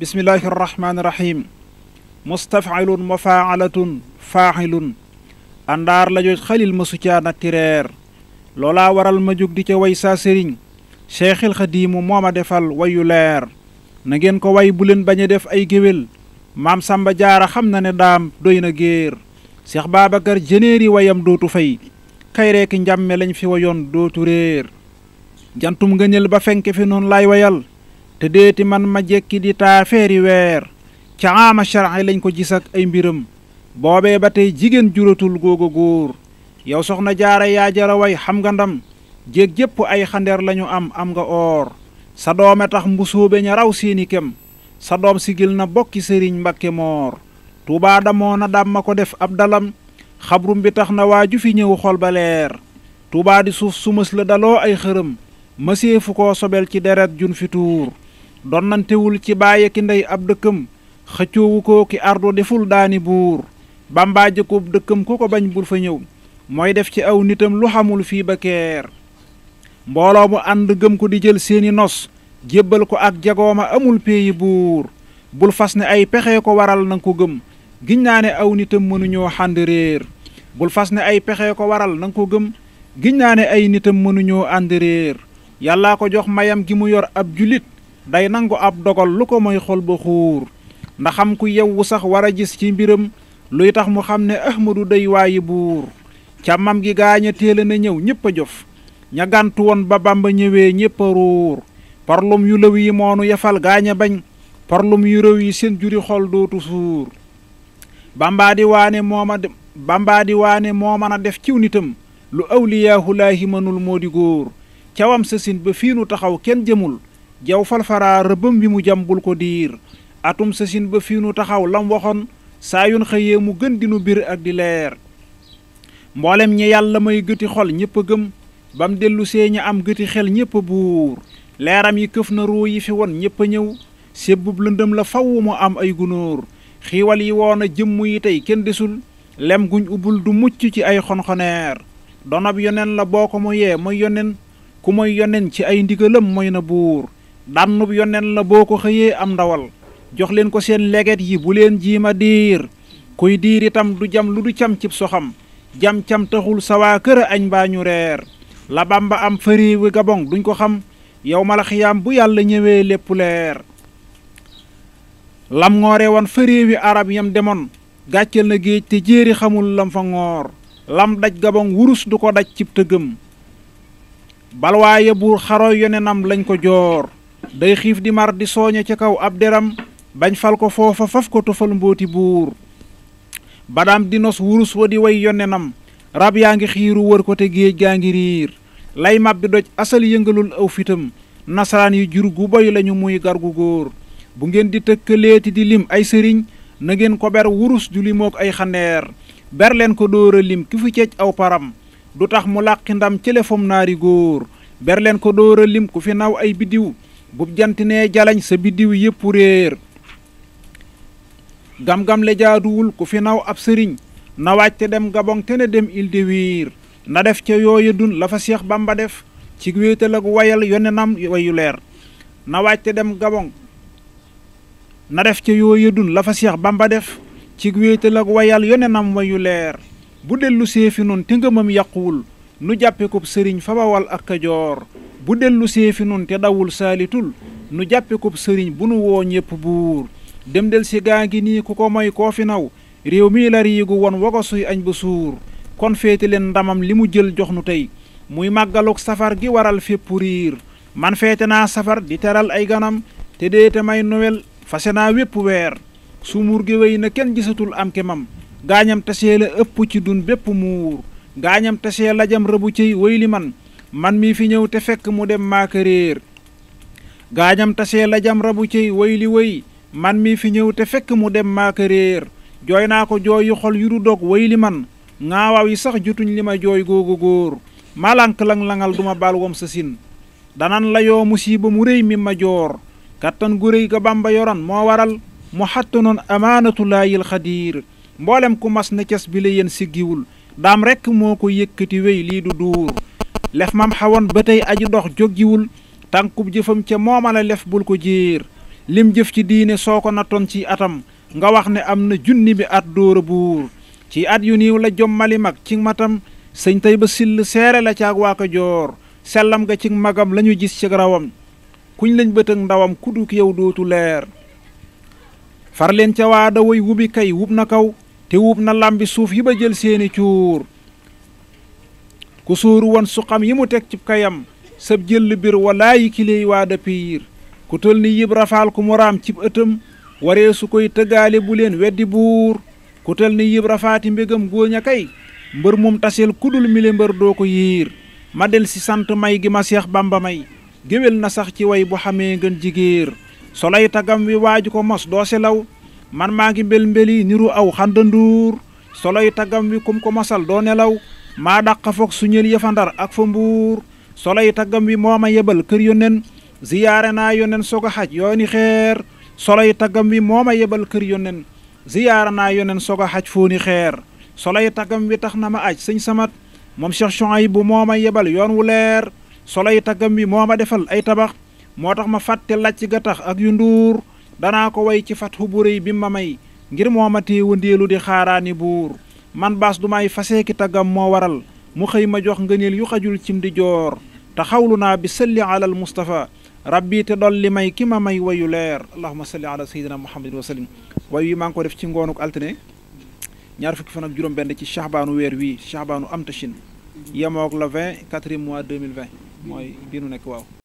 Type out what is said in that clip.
bismillahi arrahmani irrahim mustafilun mafaalatun faaxilun àndaar la jooj xalil ma succaa tireer loolaa waral ma jóg di ca way saa sëriñ cheikhil xadiimu moo ma defal wayu leer na ngeen ko way bu leen bañ a def ay géwél maam sàmba jaara xam na ne daam doy na géer seex baabakar jëneeri wayam dootu fay kay reeki njàmme lañ fi wayoon dootu réer jantum ngëñël ba fenke fi noonu laay wayal te déeti man ma jekki di taafeeri weer ca aama sharci lañ ko gis ay mbiram boobee ba tey jigéen juratul googu góor yow soxna jaara yaa jara way xam nga ndam jéeg jëpp ay xandeer lañu am am nga oor sa doome tax mbusóobe ña raw seeni kem sa doom sigil na bokki sëriñ mbakke moor tuubaa damoo na dam ma ko def ab dalam xabrum bi tax na waa ju fi ñëw xol ba leer di suuf su mës la daloo ay xërëm mëseefu ko sobel ci deret jun fi tuur donnantewul ci baaye ki ndey ab dëkkam xëccoowu ko ki ardo deful daani buur bàmbaa jëkkoob dëkkam ku ko bañ bul fa ñëw mooy def ci aw nitam lu xamul fii ba keer mbooloo mu ànd gëm ko di jël seeni nos jébbal ko ak jagooma amul peeyi buur bul fas ne ay pexe ko waral nanga ko gëm giñ naa ne aw nitam mënuñoo xànd réer bul fas ne ay pexe ko waral nanga ko gëm giñ naa ne ay nitam mënuñoo ànd réer yàllaa ko jox mayam gi mu yor ab julit day nangu ab dogal lu ko mooy xol ba xuur ndax xam ku yewwu sax war a gis ci mbiram luy tax mu xam ne ahmadu day waayi buur càmmam gi gaaña téela na ñëw ñépp a jof ña gàntu ba bàmba ñëwee ñépp a ruur parlum yu lëw yi moonu yafal gaaña bañ parlum yu réew yi seen juri xol dootu suur bàmbaa di waane mooma moo mën a def ciw nitam lu awliyaahu laahi mënul moo di góor cawam sa sin ba fii nu taxaw kenn jëmul jaw falfara rëbbam bi mu jam ko diir atum sasin ba fii nu taxaw lam waxoon saa yun xëyee mu gën di nu bir ak di leer mboolem ñi yàlla may gëti xol ñépp a gëm bam dellu see ña am gëti xel ñépp a buur leeram yi këf na ruu yi fi won ñépp a ñëw sébbub lëndëm la faw mu am ay gunóor xiiwal yi woona a jëmm yi tey kenn desul lem guñ ubul du mucc ci ay xonxoneer donab yonen la boo ko moyee mooy yonen ku moy yonen ci ay ndigalam moy na buur dànnub yoneen la boo ko xëyee am ndawal jox leen ko seen leget yi bu leen jiima diir kuy diir itam du jam lu du cam cib soxam jam cam taxul sawaa kër añ baa ñu reer la bamba am fëri wi duñ ko xam yow mala xiyaam bu yàlla ñëwee lépp leer lam ngoore woon fëri arab yam demoon gàcceel na géej te jéeri xamul lam fa ngoor lam daj gabong wurus du ko daj cib tëggam balwaaye buur xaro yonenam lañ ko joor day xiif di mar di sooñe ca kaw ab deram bañ fal ko foofa faf ko tofal mbooti buur badaam di nos wurus wa di way yonenam rab yaa ngi xiiru wër ko te géej gaa ngi riir lay mab bi doj asal yëngalul aw fitam nasaraan yu jur gu boy lañu muy gargu góor bu ngeen di tëkkaleeti di lim ay sëriñ na ngeen ko ber wurus du limook ay xandeer ber leen ko dóor a lim ki fi ceec aw param du tax mu làqi ndam cëlefom naari góor ber leen ko dóor lim ku fi naw ay biddiw bu jant nee jalañ sa biddiw yëpp réer gam-gam le jaaduwul ku fi naw ab sëriñ na wàcc te dem gabon te ne dem il na def ca yooya dun la fa seex bamba def ci wéetal ak wayal yonenam wayu leer na wàcc dem gabon na def ca yooya dun la fa seex def ci wéetal ak wayal yonenam wayu leer bu dellusee fi nun te ngëmam yàquwul nu jàppe ko sëriñ fa bawal ak kajoor bu dellu see fi nun te dawul saalitul nu jàppe ko sëriñ bu nu woo ñépp buur dem del si gaa ngi nii ku ko moy koo fi naw réew mii la riigu won wago suy añ ba suur kon féete leen ndamam li mu jël jox nu tey muy màggaluk safar gi waral fépp riir man féete naa safar di teral ay ganam te déete may nowel fase naa wépp weer su muur gi wéy na kenn gisatul am ke mam gaañam tasee la ëpp ci dun bépp muur gaañam tasee lajam rëbu ciy wéy li man man mii fi ñëw te fekk mu dem maaka réer gaañam tasee la jam rabu cey way li way man mii fi ñëw te fekk mu dem maaka réer jooy naa ko jooy yu xol yu du dog way li man ŋaawaaw yi sax jutuñ li ma jooy googu góor malank lang-langal duma baal wom sa sin danan la yoo musiba mu réy mi ma joor kattan gu réy ga Bàmba moo waral mu xattanoon amaanatulaayil xadiir mboolem ku mas na cas bi la yéen siggiwul daam rekk moo ko yëkkati wey lii du duur lef mam xawoon ba tey aji dox jóggiwul tànkub jëfam ca moomale lef bul ko jéer lim jëf ci diine soo ko nattoon ci atam nga wax ne am na junni bi at dóor a buur ci at yu niiw la jommali mag ci matam sëñ tey ba sill seere la caag waa ko joor sellam nga ci magam lañu gis ci rawam kuñ lañ bëtëg ndawam ku duk yow dootu leer far leen ca waada woy wubi kay wub na kaw te wuub na làmbi suuf yi ba jël seeni cuur ku suur won suqam yi mu teg cib kayam sab jëll bir walaayi kiley waada piir ku tol ni yib rafaal ku mu cib ëtëm waree su koy tëgaale bu leen weddi buur ku tol ni yib rafaati mbégam góoñ a kay mbër mum taseel kudul mile mbër doo ko yiir ma del si sant may gi ma seex bamba may géwél na sax ci way bu xamee ngën jigéer solay tagam wi waaju ko mos doo selaw man maa ngi mbel mbeli niru aw xandanduur soloy tagam wi kum ko mosal doo nelaw maa dàqa foog su ñël yëfa ndar ak fa mbuur soley taggam wi moo ma yebal kër yónneen ziyaare naa yónneen soog a xaj yooni xeer soley taggam wi moo ma yebal kër yónneen ziyaare naa yónneen soog a xaj fooni xeer soley taggam wi tax na ma aj sëñ samat moom Cheikh bu moo ma yebal yoon wu leer soley taggam wi moo ma defal ay tabax moo tax ma fàtte làcc ga tax ak yu nduur danaa ko way ci fatxu bu réy bi ma may ngir moo ma téewandeelu di xaaraani buur man baas du may faseeki taggam moo waral mu xëy ma jox ngëneel yu xajul cim di joor te xawlu naa bi salli alal Mustafa rabbi te dolli may ki ma may wayu leer allahuma salli ala sayidina muhammadin wa sallim wayu yi maa ngi ko def ci ngoonuk altine ñaar fukki fan ak juróom benn ci shahbaanu weer wii shahbaanu am tachin yemoog la vingt quatrième mois deux mille vingt mooy bii nu nekk waaw